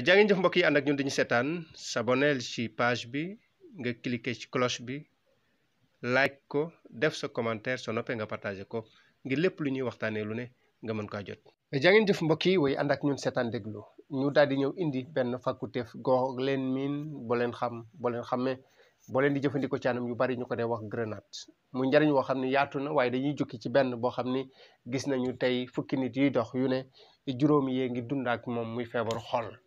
jaa ngeen jëf mbokk yi ak ñun dañu seetaan s'abonner ci page bi nga cliquer ci cloche bi like ko def sa commentaire sa noppee nga partagé ko ngir lépp lu ñuy waxtaanee lu ne nga mën kaa jot. jaa jëf mbokk yi way ànd ak ñun seetaan déglu ñu daal di ñëw indi benn faculté goo leen miin boo leen xam boo leen xamee boo leen di jëfandikoo ci anam yu bari ñu ko dee wax grenade mu njariñ woo xam ne yaatu na waaye dañuy jukki ci benn boo xam ni gis nañu tey fukki nit yuy dox yu ne juróom yee ngi dund ak muy feebar xol.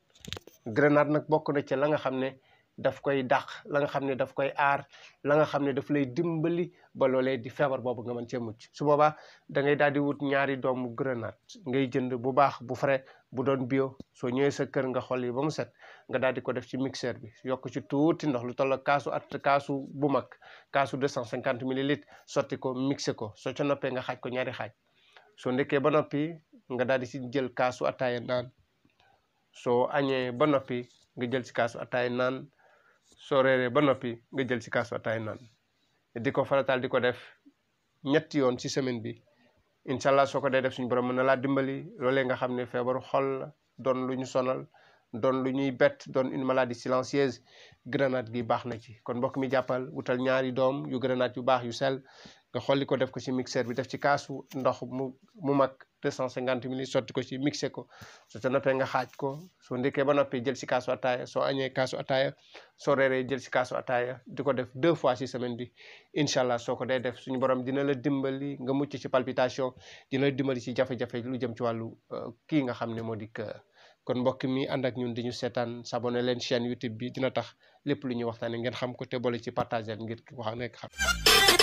grenade nag bokk na cee la nga xam ne daf koy dàq la nga xam ne daf koy aar la nga xam ne daf lay dimbali ba loolee di feebar boobu nga mën cee mucc su boobaa da ngay daal di wut ñaari doomu grenade ngay jënd bu baax bu frais bu doon bio soo ñëwee sa kër nga xol yi ba mu set nga daal di ko def ci mixeur bi yokk ci tuuti ndox lu toll kaasu at kaasu bu mag kaasu deux cent cinquante millilitres sotti ko mixé ko soo ca noppee nga xaaj ko ñaari xaaj soo ndekkee ba noppi nga daal si jël kaasu ataaya naan soo añee ba noppi nga jël ci kaasu ataay naan soo reeree ba noppi nga jël ci kaasu ataay naan di ko farataal di ko def ñetti yoon si semaine bi incha soo ko dee def suñu borom mën na laa dimbali loolee nga xam ne feebaru xol la doon lu ñu sonal doon lu ñuy bett doon une maladie silencieuse grenade gi baax na ci kon mbokk mi jàppal wutal ñaari doom yu grenade yu baax yu sel nga xolli ko def ko ci mixeur bi def ci kaasu ndox mu mu mag 250 ml sotti ko ci mixé ko su ca noppee nga xaaj ko soo ndekkee ba noppee jël ci kaasu ataaya soo añee kaasu ataaya soo reeree jël ci kaasu ataaya di ko def deux fois ci semaine bi incha allah soo ko dee def suñu borom dina la dimbali nga mucc ci palpitation dina la dimbali ci jafe-jafe lu jëm ci wàllu euh, kii nga xam ne moo di kon mbokk mi ànd ak ñun di ñu seetaan sabone leen chaîne YouTube bi dina tax lépp lu ñuy waxtaanee ngeen xam ko te boole ci partager ngir wax nekk xam.